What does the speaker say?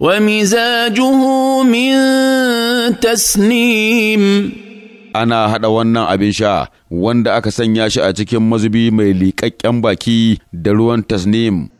ومزاجه من تسنيم ana haɗa wannan abin sha wanda aka sanya shi a cikin mazubi mai liƙaƙƙen baki da ruwan tasnim